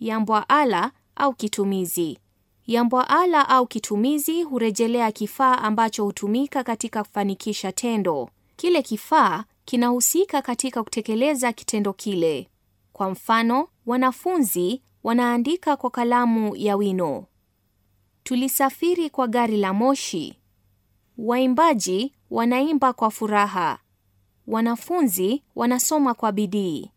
yambwaala au kitumizi. Yambwaala au kitumizi hurejelea kifaa ambacho hutumika katika kufanikisha tendo. Kile kifaa kinahusika katika kutekeleza kitendo kile. Kwa mfano, wanafunzi wanaandika kwa kalamu ya wino. Tulisafiri kwa gari la moshi. Waimbaji wanaimba kwa furaha. Wanafunzi wanasoma kwa bidii.